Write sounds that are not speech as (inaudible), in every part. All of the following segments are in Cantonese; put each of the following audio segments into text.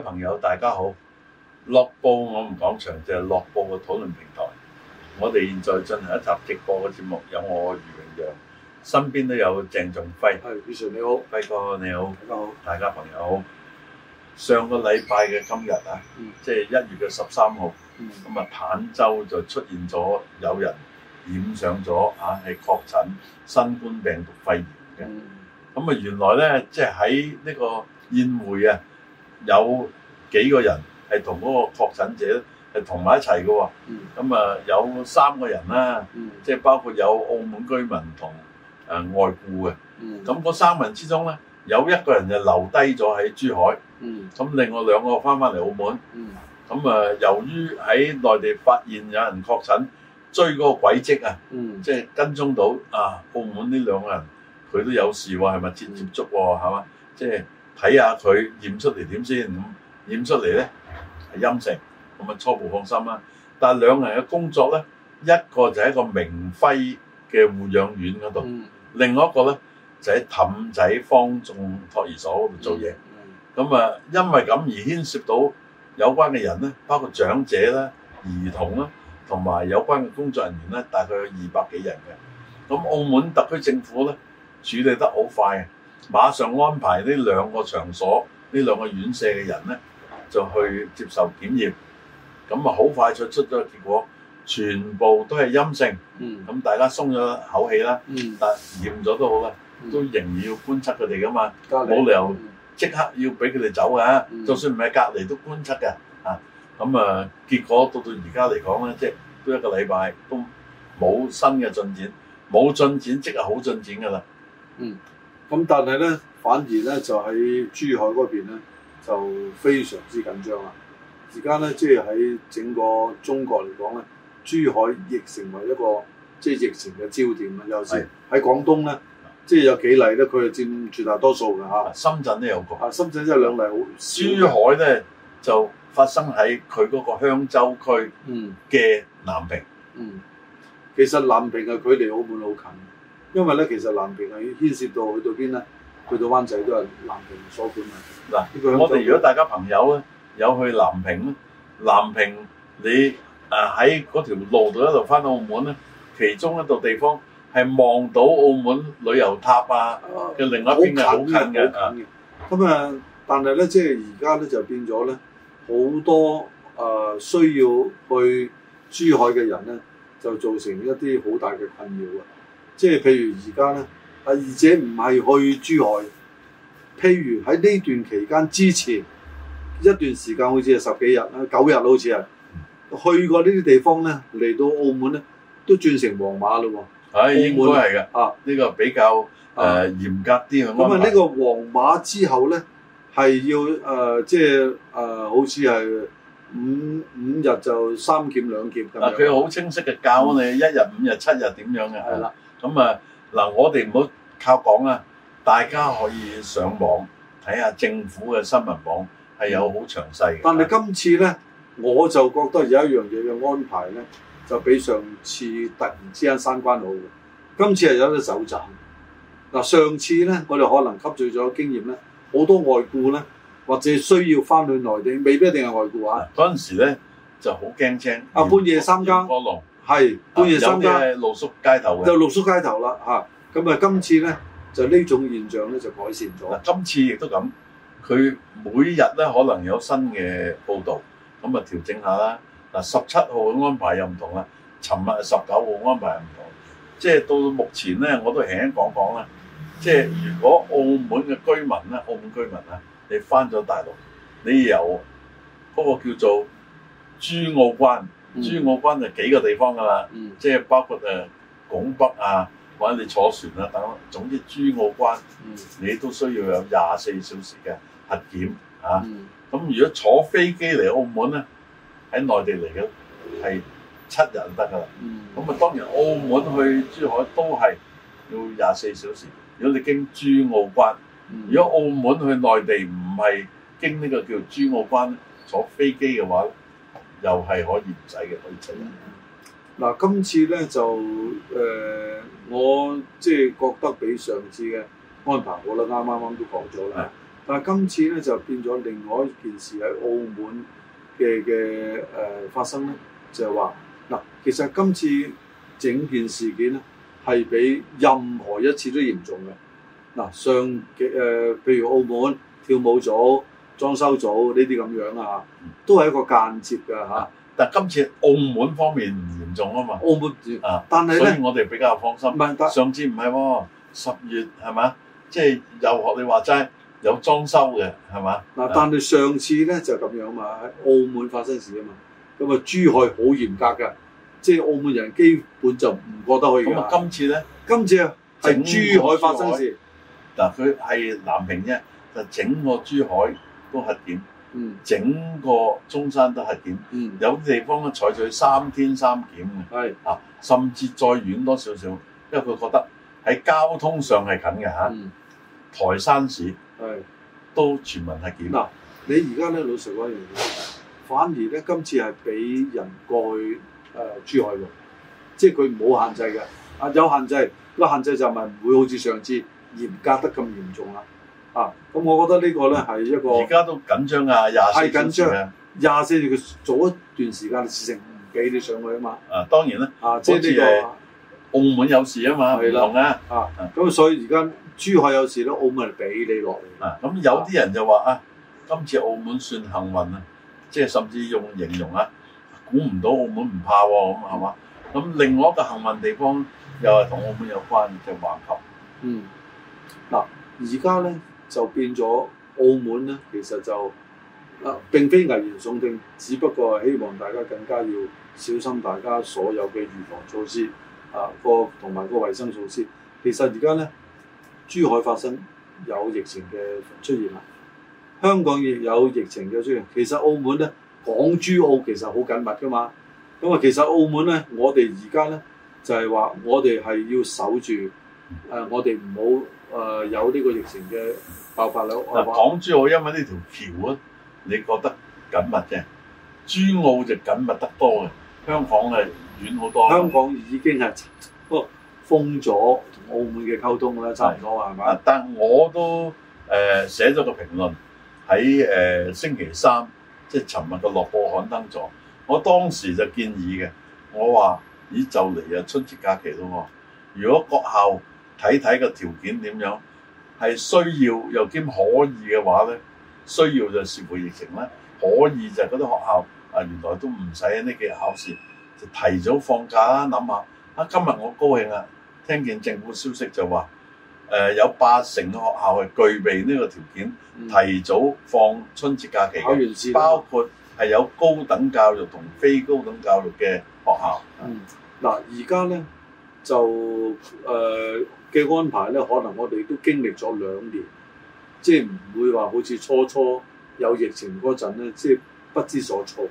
朋友大家好，樂報我唔講場，就係樂報嘅討論平台。我哋現在進行一集直播嘅節目，有我余永揚，身邊都有鄭仲輝。係，余 Sir 你好，輝哥你好，大家好，大家朋友好。上個禮拜嘅今日啊，mm. 即係一月嘅十三號，咁啊，坦洲就出現咗有人染上咗啊，係確診新冠病毒肺炎嘅。咁啊，原來咧，即係喺呢個宴會啊。有幾個人係同嗰個確診者係同埋一齊嘅喎，咁啊、嗯、有三個人啦、啊，嗯、即係包括有澳門居民同誒、呃、外僑僱嘅，咁嗰、嗯、三人之中咧，有一個人就留低咗喺珠海，咁、嗯、另外兩個翻翻嚟澳門，咁啊、嗯、由於喺內地發現有人確診，追嗰個軌跡啊，嗯、即係跟蹤到啊澳門呢兩個人佢都有事喎、哦，係密切接觸喎，係嘛、嗯，即係。睇下佢驗出嚟點先，驗出嚟咧係陰性，咁啊初步放心啦。但兩人嘅工作咧，一個就喺個明輝嘅護養院嗰度，另一個咧就喺氹仔就喺方眾托兒所嗰度做嘢。咁啊，因為咁而牽涉到有關嘅人咧，包括長者啦、兒童啦，同埋有關嘅工作人員咧，大概有二百幾人嘅。咁澳門特區政府咧處理得好快啊！馬上安排呢兩個場所、呢兩個院舍嘅人咧，就去接受檢驗。咁啊，好快就出咗個結果，全部都係陰性。嗯，咁大家鬆咗口氣啦。嗯，但驗咗都好啦，都仍然要觀察佢哋噶嘛。冇、嗯、理由即刻要俾佢哋走㗎。嗯、就算唔喺隔離都觀察嘅。啊，咁啊，結果到到而家嚟講咧，即係都一個禮拜都冇新嘅進展，冇進展即係好進展㗎啦。嗯。咁但係咧，反而咧就喺珠海嗰邊咧，就非常之緊張啦。而家咧，即係喺整個中國嚟講咧，珠海亦成為一個即係、就是、疫情嘅焦點啊。有時喺廣東咧，的即係有幾例咧，佢係佔絕大多數嘅嚇。深圳都有個。啊，深圳即係兩例好。珠海咧就發生喺佢嗰個香洲區嘅南屏嗯。嗯。其實南屏嘅距離澳門好近。因為咧，其實南屏係牽涉到去到邊啊？去到灣仔都係南屏所管啊。嗱來，我哋如果大家朋友咧有去南屏，咧，南屏你誒喺嗰條路度一路翻澳門咧，其中一度地方係望到澳門旅遊塔啊嘅另一邊嘅，好近嘅，咁啊，但係咧，即係而家咧就變咗咧，好多誒、呃、需要去珠海嘅人咧，就造成一啲好大嘅困擾啊！即係譬如而家咧，啊，而且唔係去珠海，譬如喺呢段期間之前一段時間，好似係十幾日啦，九日啦，好似係去過呢啲地方咧，嚟到澳門咧都轉成黃碼嘞喎。唉，應該係㗎，啊，呢個比較誒嚴格啲嘅安排。咁啊，呢個黃碼之後咧係要誒即係誒，好似係五五日就三檢兩檢咁，佢好清晰嘅教你，一日、五日、七日點樣嘅。係啦。咁啊嗱，我哋唔好靠講啦，大家可以上網睇下政府嘅新聞網，係有好詳細嘅、嗯。但係今次咧，我就覺得有一樣嘢嘅安排咧，就比上次突然之間山關好。今次係有啲手震。嗱，上次咧，我哋可能吸取咗經驗咧，好多外僱咧，或者需要翻去內地，未必一定係外僱啊。嗰陣時咧，就好驚青。啊，半夜三更。係都夜三更露宿街頭嘅就露宿街頭啦嚇。咁啊，今次咧、嗯、就呢種現象咧就改善咗。嗱，今次亦都咁，佢每日咧可能有新嘅報導，咁啊調整下啦。嗱、啊，十七號嘅安排又唔同啦，尋日十九號安排又唔同。即係到目前咧，我都輕輕講講啦。即係如果澳門嘅居民咧，澳門居民啊，你翻咗大陸，你由嗰個叫做珠澳關。珠澳關就幾個地方㗎啦，嗯、即係包括誒、呃、拱北啊，或者你坐船啊等，總之珠澳關、嗯、你都需要有廿四小時嘅核檢啊。咁、嗯、如果坐飛機嚟澳門咧，喺內地嚟嘅係七日就得㗎啦。咁啊、嗯、當然澳門去珠海都係要廿四小時。如果你經珠澳關，如果澳門去內地唔係經呢個叫珠澳關坐飛機嘅話又係可以唔使嘅，可以嗱，今次咧就誒、呃，我即係、就是、覺得比上次嘅安排好啦，啱啱啱都講咗啦。的但係今次咧就變咗另外一件事喺澳門嘅嘅誒發生呢，就係話嗱，其實今次整件事件咧係比任何一次都嚴重嘅。嗱、呃，上嘅誒，譬、呃、如澳門跳舞組。裝修組呢啲咁樣啊，都係一個間接嘅嚇、嗯。但係今次澳門方面唔嚴重啊嘛，澳門，但係咧、啊，所以我哋比較放心。上次唔係喎，十月係嘛，即係又學你話齋有裝修嘅係嘛。嗱，但係上次咧就咁樣啊嘛，喺澳門發生事啊嘛。咁啊，珠海好嚴格㗎，即係澳門人基本就唔過得去。咁啊、嗯，今次咧？今次啊，係珠海發生事。嗱、嗯，佢係、嗯、南平啫，就整個珠海。都核檢，整個中山都核檢，嗯、有啲地方咧採取三天三檢嘅，是啊，甚至再遠多少少，因為佢覺得喺交通上係近嘅嚇、嗯啊。台山市都全民核檢。嗱、嗯，你而家咧老實講，反而咧今次係俾人過去誒、呃、珠海喎，即係佢冇限制嘅，啊有限制，個限制就係唔會好似上次嚴格得咁嚴重啦。啊，咁我覺得呢個咧係一個而家都緊張啊，廿四小時嘅，廿四日嘅做一段時間嘅事情唔俾你上去啊嘛。啊，當然啦。啊，即係呢、呢個澳門有事啊嘛，唔的同啊。啊，咁所以而家珠海有事都澳門就俾你落嚟。啊，咁有啲人就話啊，今次澳門算幸運啊，即係甚至用形容啊，估唔到澳門唔怕喎，咁係嘛？咁另外一個幸運地方又係同澳門有關就環球。嗯。嗱，而家咧。就變咗澳門咧，其實就啊、呃、並非危言聳聽，只不過係希望大家更加要小心，大家所有嘅預防措施啊個同埋個衞生措施。其實而家咧，珠海發生有疫情嘅出現啦，香港亦有疫情嘅出現。其實澳門咧，港珠澳其實好緊密㗎嘛。咁啊，其實澳門咧，我哋而家咧就係話，我哋係要守住誒、呃，我哋唔好。誒、呃、有呢個疫情嘅爆發率，嗱港珠澳因為呢條橋咧，你覺得緊密嘅，珠澳就緊密得多嘅，香港係遠好多、嗯。香港已經係封咗同澳門嘅溝通啦，差唔多啊，係嘛吧？但係我都誒寫咗個評論喺誒星期三，即係尋日嘅《樂報》刊登咗。我當時就建議嘅，我話咦就嚟啊，春節假期咯喎，如果國後。睇睇個條件點樣，係需要又兼可以嘅話咧，需要就視乎疫情啦，可以就嗰啲學校啊，原來都唔使喺呢幾日考試，就提早放假啦。諗下啊，今日我高興啊，聽見政府消息就話，誒有八成嘅學校係具備呢個條件，提早放春節假期嘅，包括係有高等教育同非高等教育嘅學校。嗯，嗱而家咧就誒。呃嘅安排咧，可能我哋都經歷咗兩年，即係唔會話好似初初有疫情嗰陣咧，即係不知所措。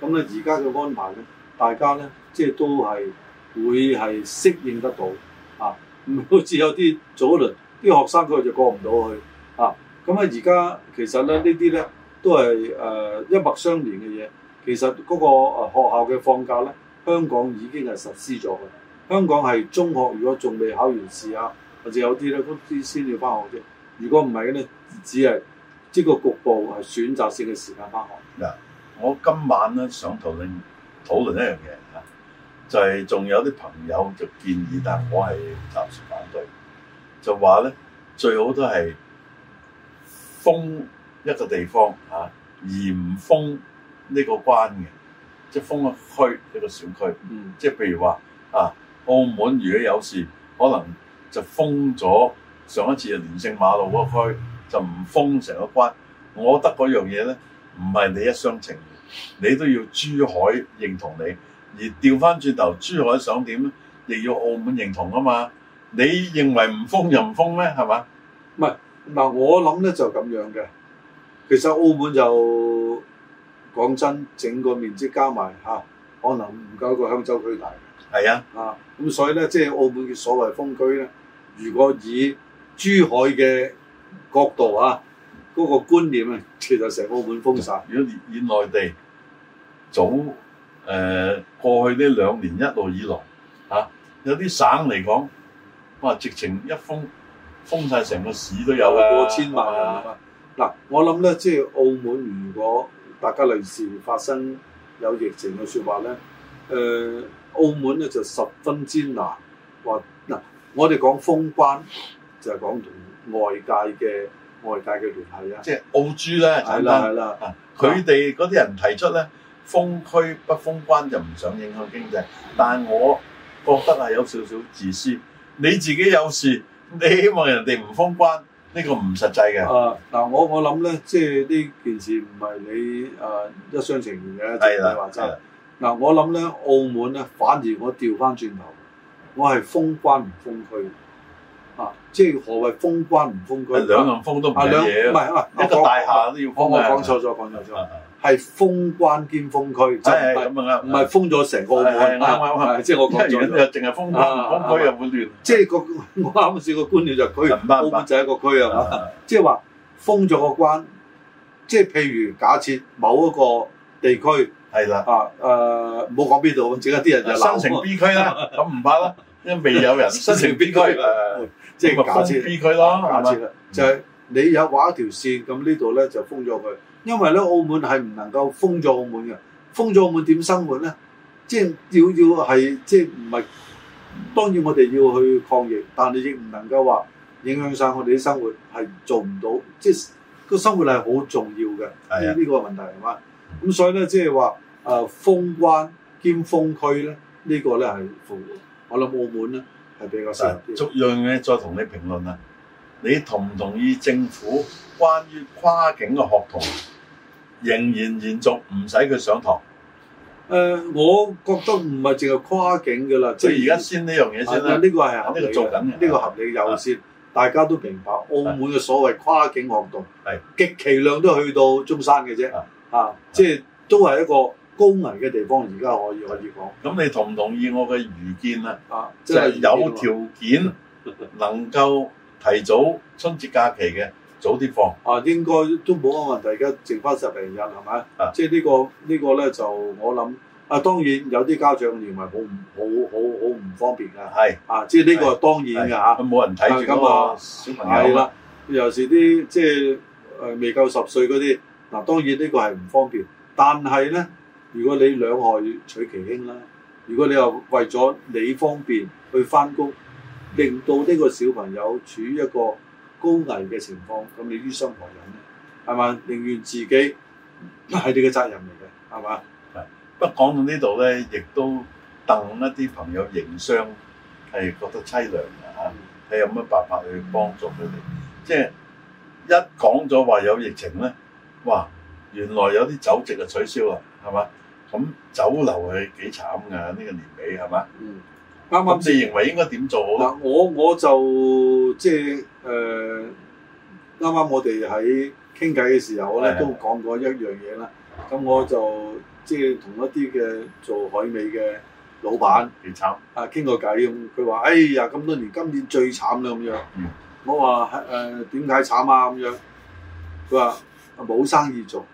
咁咧而家嘅安排咧，大家咧即係都係會係適應得到啊，唔好似有啲早輪啲學生佢就過唔到去啊。咁啊而家其實咧呢啲咧都係誒、呃、一脈相連嘅嘢，其實嗰個誒學校嘅放假咧，香港已經係實施咗嘅。香港係中學，如果仲未考完試啊，或者有啲咧，啲先要翻學啫。如果唔係咧，只係即個局部係選擇性嘅時間翻學。嗱，yeah，我今晚咧想同你討論一樣嘢嚇，就係、是、仲有啲朋友就建議，但係我係暫時反對，就話咧最好都係封一個地方嚇、啊，而唔封呢個關嘅，即封一個區一、一個小區，嗯、即譬如話啊。澳門如果有事，可能就封咗上一次嘅連勝馬路嗰區，就唔封成個關。我覺得嗰樣嘢咧，唔係你一廂情願，你都要珠海認同你。而調翻轉頭，珠海想點咧，亦要澳門認同啊嘛。你認為唔封就唔封咩？係嘛？唔係嗱，我諗咧就咁樣嘅。其實澳門就講真，整個面積加埋嚇，啊，可能唔夠一個香洲區大。係啊，啊咁所以咧，即係澳門嘅所謂封區咧。如果以珠海嘅角度啊，嗰、那個觀點觀念、啊、其實成個澳門封曬。如果以內地早誒、呃、過去呢兩年一路以來嚇、啊，有啲省嚟講，哇！直情一封封晒成個市都有、啊、有過千萬人啊！嗱、啊啊，我諗咧，即係澳門，如果大家類似發生有疫情嘅説話咧，誒、呃。澳門咧就十分艱難，話嗱，我哋講封關就係講同外界嘅外界嘅聯繫啦、啊，即係澳珠咧，係啦係啦，佢哋嗰啲人提出咧封區不封關就唔想影響經濟，但我覺得係有少少自私，你自己有事，你希望人哋唔封關，呢、呢個唔實際嘅、啊。啊，嗱，我我諗咧，即係呢件事唔係你誒一廂情願嘅，就你話齋。嗱，我諗咧，澳門咧，反而我調翻轉頭，我係封關唔封區啊！即係何謂封關唔封區？兩樣封都唔嘅嘢，唔係一個大廈都要封，我我講錯咗，講錯咗，係封關兼封區。係咁啊！唔係封咗成個澳門啊！即係我講咗，淨係封關封區又會亂。即係個我啱先個觀點就區，澳門就係一個區啊嘛！即係話封咗個關，即係譬如假設某一個地區。係啦，啊誒，唔好講邊度，而家啲人就新城 B 區啦，咁唔怕啦，因為未有人。新城 B 區誒，即係假設 B 區啦，係咪？就係你有畫一條線，咁呢度咧就封咗佢，因為咧澳門係唔能夠封咗澳門嘅，封咗澳門點生活咧？即係要要係即係唔係？當然我哋要去抗疫，但係亦唔能夠話影響晒我哋啲生活，係做唔到，即係個生活係好重要嘅。呢呀個問題係嘛？咁所以咧，即係話，誒、啊、封關兼封區咧，呢、這個咧係符合。我諗澳門咧係比較適合。逐樣嘢，再同你評論啦。你同唔同意政府關於跨境嘅學童仍然延續唔使佢上堂？誒、呃，我覺得唔係淨係跨境噶啦，即係而家先呢樣嘢先啦。呢、啊這個係肯定做緊嘅，呢個合理優先，的大家都明白。澳門嘅所謂跨境學童，係的極其量都去到中山嘅啫。的啊！即係都係一個高危嘅地方，而家可以可以講。咁你同唔同意我嘅愚見啊？啊，即係有條件能夠提早春節假期嘅早啲放。 (noise) (noise) 啊，應該都冇乜問題，而家剩翻十零日係咪 (noise) 啊？即係呢個呢、呢個咧就我諗啊，當然有啲家長認為好唔好好好唔方便㗎。係是啊，即係呢個當然㗎咁冇人睇住㗎嘛？小朋友啦、啊，尤其是啲即係誒未夠十歲嗰啲。嗱，當然呢個係唔方便，但係咧，如果你兩害取其輕啦，如果你又為咗你方便去翻工，令到呢個小朋友處於一個高危嘅情況，咁你於心何忍咧？係嘛，寧願自己係你嘅責任嚟嘅，係嘛？係。不過講到呢度咧，亦都戥一啲朋友營商係覺得淒涼嘅嚇，係、嗯、有乜辦法去幫助佢哋？即係一講咗話有疫情咧。哇！原來有啲酒席就取消啊，係嘛？咁酒樓係幾慘㗎？呢、這個年尾係嘛？嗯，啱啱你認為應該點做？嗱、嗯，我我就即係誒啱啱我哋喺傾偈嘅時候咧，嗯、都講過一樣嘢啦。咁、嗯、我就即係同一啲嘅做海味嘅老闆，幾慘啊，嗯！傾個偈咁，佢話：哎呀，咁多年，今年最慘啦咁樣。嗯、我話：誒點解慘啊？咁樣，佢話。冇生意做，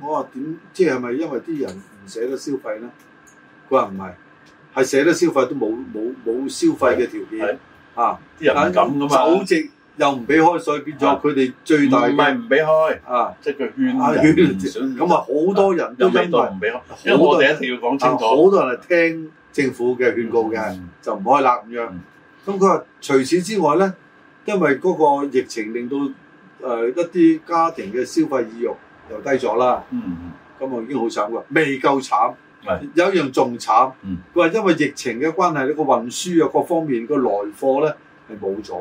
我話點？即係咪因為啲人唔捨得消費咧？佢話唔係，係捨得消費都冇冇冇消費嘅條件啊！啲人唔敢咁啊！酒席又唔俾開，所以變咗佢哋最大唔係唔俾開啊！即係佢勸下人，咁啊，好多人有啲人，因為我哋一定要講清楚，好多人係聽政府嘅勸告嘅，就唔開啦咁樣。咁佢話除此之外咧，因為嗰個疫情令到。誒一啲家庭嘅消費意欲又低咗啦，嗯嗯，咁我已經好慘喎，未夠慘，係有一樣仲慘，佢話因為疫情嘅關係呢，個運輸啊各方面個來貨咧係冇咗，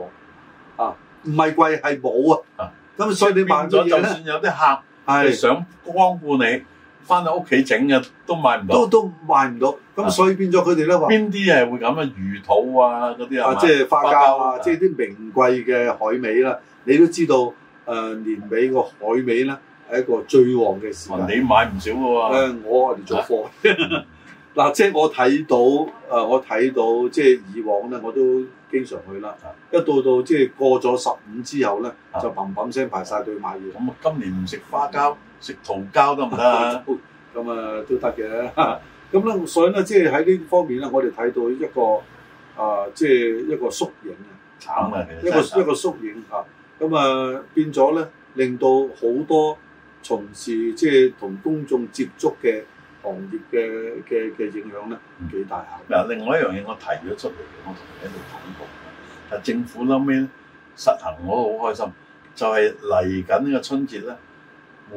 啊唔係貴係冇啊，啊，咁所以你賣咗，就算有啲客係想光顧你，翻到屋企整嘅都買唔到，都都買唔到，咁所以變咗佢哋咧話邊啲係會咁啊？魚肚啊嗰啲啊？即係花膠啊，即係啲名貴嘅海味啦，你都知道。誒年尾個海味咧，係一個最旺嘅時間。你買唔少嘅喎、啊。 (laughs) (laughs) 我嚟做貨。嗱，即係我睇到，誒，我睇到，即係以往咧，我都經常去啦。一到到即係過咗十五之後咧，就砰砰聲排晒隊買嘢。咁啊， (laughs) 今年唔食花膠，嗯、食桃膠得唔得啊？咁啊，都得嘅。咁 (laughs) 咧、嗯，所以咧，即係喺呢方面咧，我哋睇到一個，誒、啊，即、就、係、是、一個縮影、嗯、啊！慘一個一個縮影啊！咁啊，變咗咧，令到好多從事即係同公眾接觸嘅行業嘅嘅嘅影響咧，唔幾大啊！嗱，另外一樣嘢我提咗出嚟嘅，我同你喺度講過。但係政府後尾咧，實行我都好開心，就係嚟緊呢個春節咧，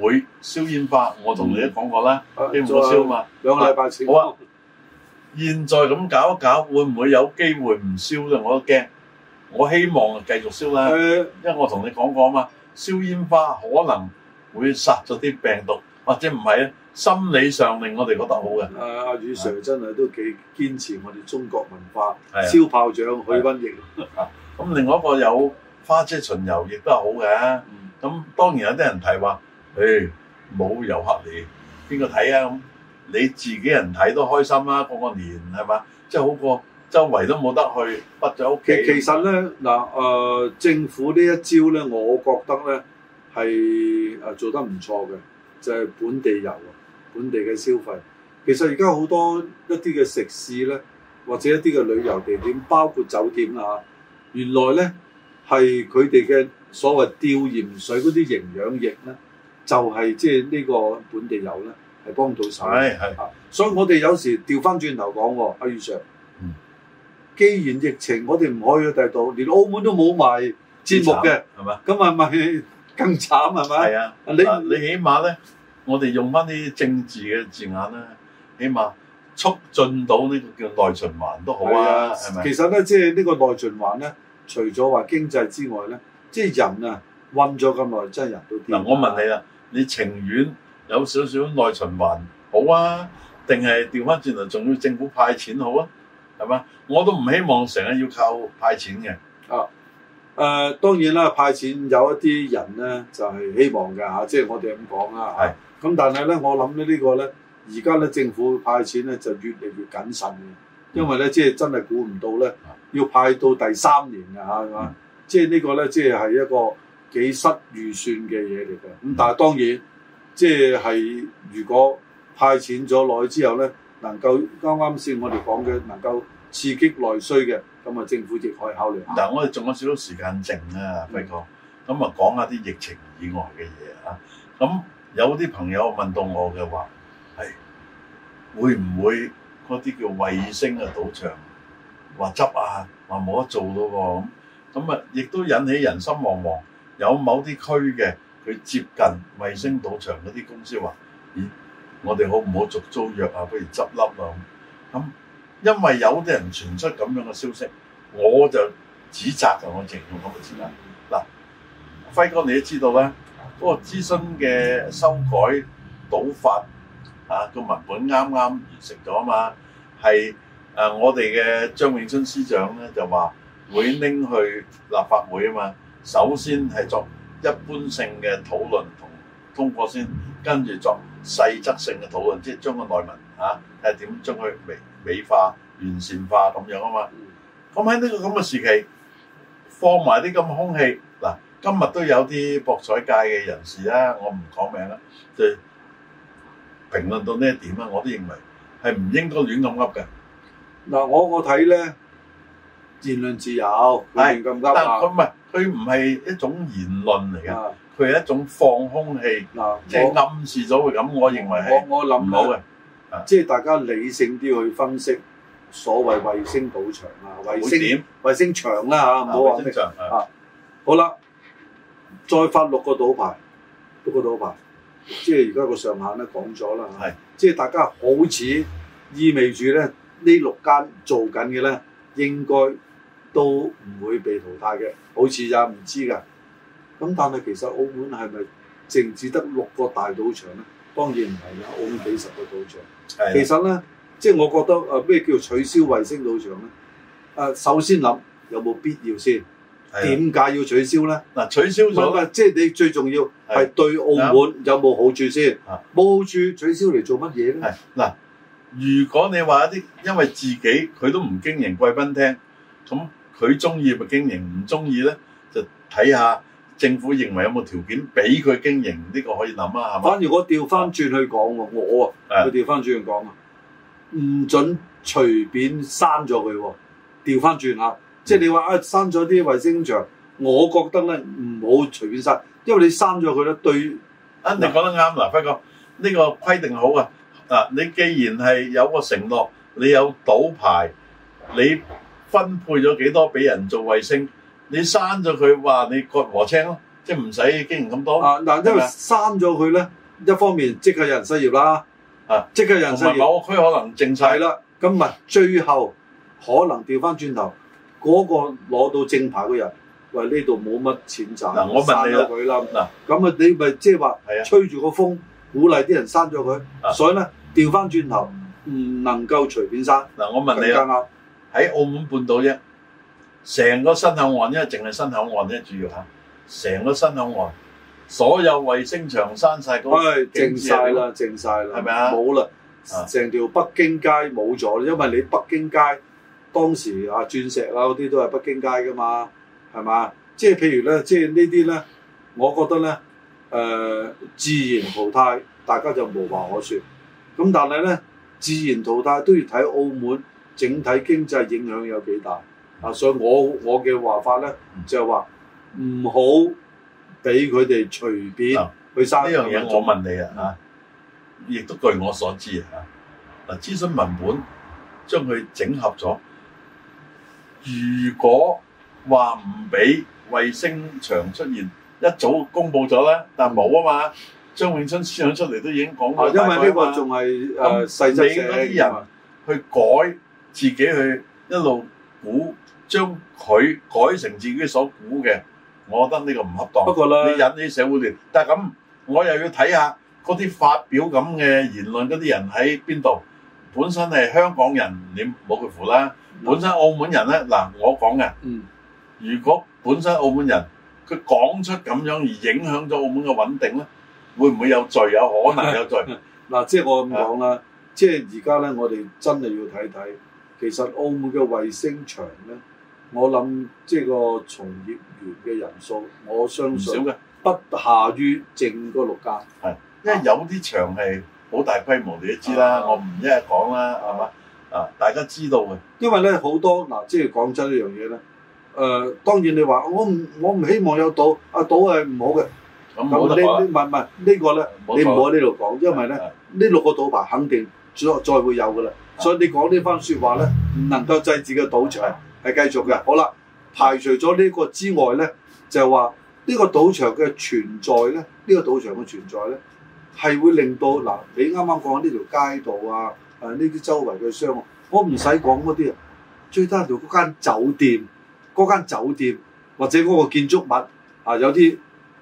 會燒煙花。我同你都講過啦，邊個、嗯、燒啊？嘛，兩個禮拜先。好啊，現在咁搞一搞，會唔會有機會唔燒咧？我驚。我希望繼續燒啦，的因為我同你講過啊嘛，燒煙花可能會殺咗啲病毒，或者唔係咧，心理上令我哋覺得好嘅。嗯、的啊，宇 Sir 真係都幾堅持我哋中國文化，的燒炮仗的去瘟疫。咁、啊、另外一個有花車巡遊亦都係好嘅。咁、嗯啊、當然有啲人提話，誒冇遊客嚟，邊個睇啊？你自己人睇都開心啦，過個年係嘛，即係好過。周圍都冇得去，不、啊、就 O K？其實咧，嗱、呃、誒，政府呢一招咧，我覺得咧係誒做得唔錯嘅，就係、是、本地遊啊，本地嘅消費。其實而家好多一啲嘅食肆咧，或者一啲嘅旅遊地點，包括酒店啊，原來咧係佢哋嘅所謂吊鹽水嗰啲營養液咧，就係即係呢個本地遊咧係幫到手。係係啊，所以我哋有時調翻轉頭講喎，阿宇 Sir。啊既然疫情，我哋唔可以去第度，連澳門都冇埋節目嘅，係嘛？咁係咪更慘係咪？係啊！你你起碼咧，我哋用翻啲政治嘅字眼咧，起碼促進到呢個叫內循環都好啊，係咪、啊？吧其實咧，即係呢個內循環咧，除咗話經濟之外咧，即係人啊，運咗咁耐，真係人都變。嗱、啊，我問你啊，你情願有少少內循環好啊，定係調翻轉頭，仲要政府派錢好啊？係嘛？我都唔希望成日要靠派錢嘅、啊呃就是。啊，誒當然啦，派錢有一啲人咧就係希望嘅嚇，即係我哋咁講啦。係。咁但係咧，我諗咧呢個咧，而家咧政府派錢咧就越嚟越謹慎嘅，因為咧即係真係估唔到咧，是要派到第三年嘅嚇係嘛？即、啊、係、嗯啊就是、呢個咧即係係一個幾失預算嘅嘢嚟嘅。咁、嗯、但係當然，即係係如果派錢咗落去之後咧，能夠啱啱先我哋講嘅能夠。刺激內需嘅，咁啊政府亦可以考慮下，但嗱，我哋仲有少少時間剩啊，咪講、嗯，咁啊講下啲疫情以外嘅嘢啊。咁有啲朋友問到我嘅話，係會唔會嗰啲叫衞星嘅賭場話執啊，話冇得做到喎咁。咁啊，亦都引起人心惶惶。有某啲區嘅佢接近衞星賭場嗰啲公司話：咦、嗯，我哋好唔好續租約啊？不如執笠啊咁。咁因為有啲人傳出咁樣嘅消息，我就指責就我形容嗰個字眼，嗱，輝哥你都知道咧，嗰個諮詢嘅修改賭法啊個文本啱啱完成咗啊嘛，係誒、啊、我哋嘅張永春司長咧就話會拎去立法會啊嘛，首先係作一般性嘅討論同通過先，跟住作細則性嘅討論，即係將個內文啊係點、啊、將佢。美化、完善化咁樣啊嘛，咁喺呢個咁嘅時期放埋啲咁嘅空氣嗱，今日都有啲博彩界嘅人士啦，我唔講名啦，就評論到呢一點啦，我都認為係唔應該亂咁噏嘅。嗱，我個睇咧言論自由係，但佢唔係佢唔係一種言論嚟嘅，佢係一種放空氣，即係暗示咗會咁。我認為係唔好嘅。即係大家理性啲去分析所謂衞星賭場啊，衞星點衞星場啦嚇，唔好話衞星場啊。好啦，再發六個賭牌，六個賭牌，即係而家個上限咧講咗啦嚇。即係大家好似意味住咧，呢六間做緊嘅咧，應該都唔會被淘汰嘅。好似就唔知㗎。咁但係其實澳門係咪淨只得六個大賭場咧？當然唔係啦，澳門幾十個賭場，其實咧，即係我覺得誒咩叫取消衞星賭場咧？誒，首先諗有冇必要先，點解要取消咧？嗱，取消咗嘅，即係你最重要係對澳門有冇好處先？冇處取消嚟做乜嘢咧？嗱，如果你話一啲因為自己佢都唔經營貴賓廳，咁佢中意咪經營，唔中意咧就睇下。政府認為有冇條件俾佢經營？呢、呢個可以諗啊，係嘛？反而我調翻轉去講、嗯、我啊，我調翻轉講啊，唔准隨便刪咗佢喎。調翻轉啊，即係你話啊刪咗啲衛星場，我覺得咧唔好隨便刪，因為你刪咗佢咧對啊，你講得啱啊，輝哥、啊，呢個規定好啊。嗱，你既然係有個承諾，你有賭牌，你分配咗幾多俾人做衛星？你刪咗佢話你割禾青咯，即係唔使經營咁多啊！嗱，因為刪咗佢咧，一方面即係有人失業啦，啊，即係有人失業，唔係某個區可能淨晒係啦，咁咪最後可能調翻轉頭，嗰個攞到正牌嘅人，喂，呢度冇乜錢賺，刪咗佢啦。嗱，咁啊，你咪即係話吹住個風，鼓勵啲人刪咗佢，所以咧調翻轉頭唔能夠隨便刪。嗱，我問你啦，喺澳門半島啫。成個新口岸，因為淨係新口岸咧，主要嚇，成個新口岸，所有衞星場閂晒，嗰個靜晒啦，靜晒啦，係咪啊？冇啦吧，成條北京街冇咗，因為你北京街當時啊，鑽石啊嗰啲都係北京街噶嘛，係嘛？即係譬如咧，即係呢啲咧，我覺得咧，誒、呃、自然淘汰，大家就無話可説。咁但係咧，自然淘汰都要睇澳門整體經濟影響有幾大。啊！所以我我嘅話法咧，就係話唔好俾佢哋隨便去生呢樣嘢。我問你啊，嚇！亦都據我所知啊，嗱諮詢文本將佢整合咗。如果話唔俾衞星場出現，一早公佈咗咧，但冇啊嘛。張永春司長出嚟都已經講過，因為呢個仲係誒細則嘅，你嗰啲人去改自己去一路估。將佢改成自己所估嘅，我覺得呢個唔恰當。不過咧，你引起社會亂，但係咁，我又要睇下嗰啲發表咁嘅言論嗰啲人喺邊度。本身係香港人，你冇佢符啦。本身澳門人咧，嗱我講嘅，嗯、如果本身澳門人佢講出咁樣而影響咗澳門嘅穩定咧，會唔會有罪？有可能有罪。嗱、 (laughs) (laughs) 啊，即係我咁講啦， (laughs) 即係而家咧，我哋真係要睇睇，其實澳門嘅衛星場咧。我諗即係個從業員嘅人數，我相信唔少嘅，不下於淨嗰六間。係，因為有啲場係好大規模，你都知啦。我唔一係講啦，係嘛啊？大家知道嘅。因為咧，好多嗱，即係講真呢樣嘢咧。誒，當然你話我唔，我唔希望有賭。啊，賭係唔好嘅。咁冇錯啊！唔係唔係呢個咧，你唔好喺呢度講，因為咧呢六個賭牌肯定再再會有噶啦。所以你講呢番說話咧，唔能夠制止嘅賭場。係繼續嘅，好啦，排除咗呢個之外咧，就係話呢個賭場嘅存在咧，呢個賭場嘅存在咧，係會令到嗱，你啱啱講呢條街道啊，誒呢啲周圍嘅商，我唔使講嗰啲啊。最低要嗰間酒店，嗰間酒店或者嗰個建築物啊，有啲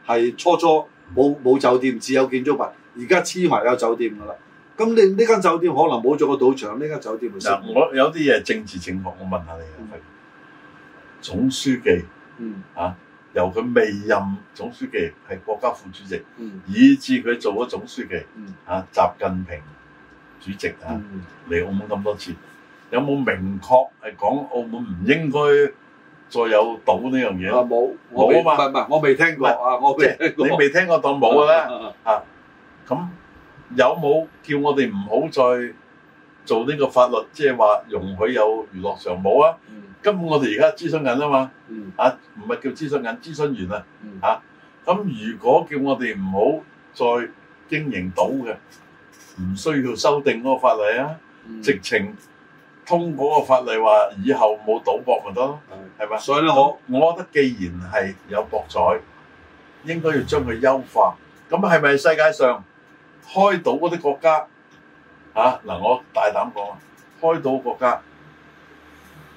係初初冇冇酒店，只有建築物，而家黐埋有酒店㗎啦。咁你呢間酒店可能冇做過賭場，呢間酒店啊，我有啲嘢政治正確，我問下你啊。總書記，嗯，由佢未任總書記係國家副主席，以至佢做咗總書記，嗯，嚇，習近平主席啊，嚟澳門咁多次，有冇明確係講澳門唔應該再有賭呢樣嘢？啊冇，冇啊嘛，唔係，我未聽過啊，我你未聽過當冇啦，嚇，咁。有冇叫我哋唔好再做呢個法律，即係話容許有娛樂場冇啊？嗯、根本我哋而家諮詢緊啊嘛，嚇唔係叫諮詢緊諮詢員啊，嚇咁、嗯啊、如果叫我哋唔好再經營賭嘅，唔、嗯、需要修訂嗰個法例啊，嗯、直情通過嗰個法例話以後冇賭博咪得咯，係咪、嗯？吧所以咧，我我覺得既然係有博彩，應該要將佢優化，咁係咪世界上？開島嗰啲國家，嚇、啊、嗱，我大膽講，開島國家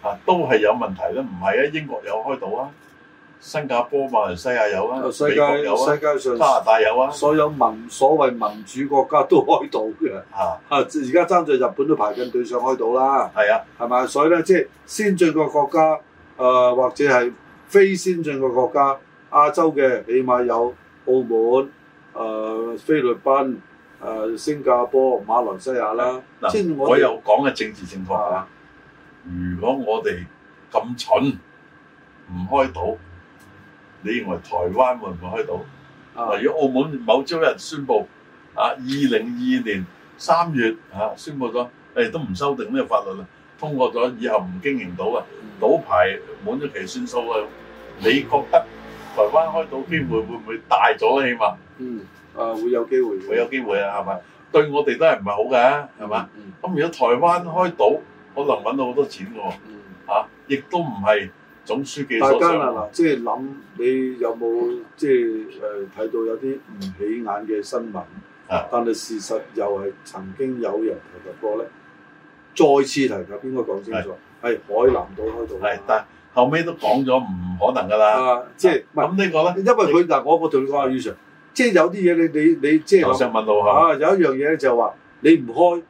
啊，都係有問題咧。唔係啊，英國有開島啊，新加坡、馬來西亞有啊，世界有世界上加拿大有啊，所有民所謂民主國家都開島嘅。啊啊，而家爭在日本都排緊隊想開島啦。係啊，係咪？所以咧，即係先進嘅國家，誒、呃、或者係非先進嘅國家，亞洲嘅起碼有澳門、誒、呃呃、菲律賓。誒新加坡、馬來西亞啦，是我，我有講嘅政治情況嚇。啊、如果我哋咁蠢唔開賭，你認為台灣會唔會開賭？如果、啊、澳門某朝日宣布啊，二零二二年三月啊，宣布咗誒、哎、都唔修訂呢個法律啦，通過咗以後唔經營到啦，賭、嗯、牌滿咗期算數啦，你覺得台灣開賭機會會唔會大咗？起碼碼 嗯。誒會有機會，會有機會啊，係咪對我哋都係唔係好嘅，係嘛？咁如果台灣開賭，可能搵到好多錢嘅喎，亦都唔係總書記。大家即係諗你有冇即係誒睇到有啲唔起眼嘅新聞？但係事實又係曾經有人提及過咧，再次提及邊個，講清楚？係海南島開賭，係但後尾都講咗唔可能嘅啦。即係咁，聽我啦。因為佢嗱，我冇同你講啊即係有啲嘢你你你即係，我想問到下啊，有一樣嘢咧就話、是、你唔開，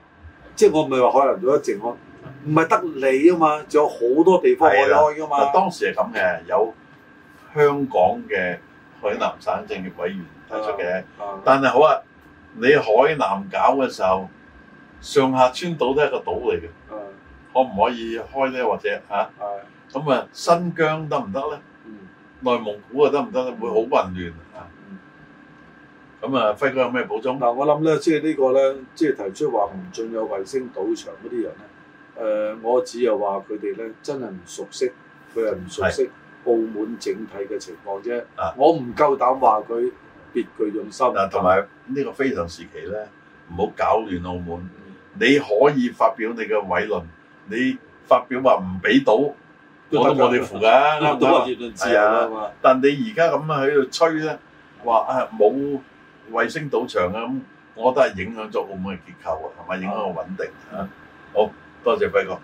即係我唔係話海南島一靜咯，唔係得你啊嘛，仲有好多地方可以開噶嘛。當時係咁嘅，有香港嘅海南省政協委員提出嘅，但係好啊，你海南搞嘅時候，上下川島都係個島嚟嘅，的可唔可以開咧？或者嚇咁啊？的新疆得唔得咧？內、嗯、蒙古啊得唔得咧？會好混亂。咁啊，輝哥有咩補充？嗱、呃，我諗咧，即係呢、這個咧，即係提出話唔准有衞星賭場嗰啲人咧，誒、呃，我只係話佢哋咧真係唔熟悉，佢係唔熟悉澳門整體嘅情況啫。啊，我唔夠膽話佢別具用心。嗱、啊，同埋呢個非常時期咧，唔好搞亂澳門。你可以發表你嘅偉論，你發表話唔俾賭，都我都、啊、我哋負嘅啦嘛。Ler, 啊，啊，但你而家咁樣喺度吹咧，話啊冇。衛星賭場啊，我覺得係影響咗澳門嘅結構啊，同埋影響個穩定啊。好多謝輝哥。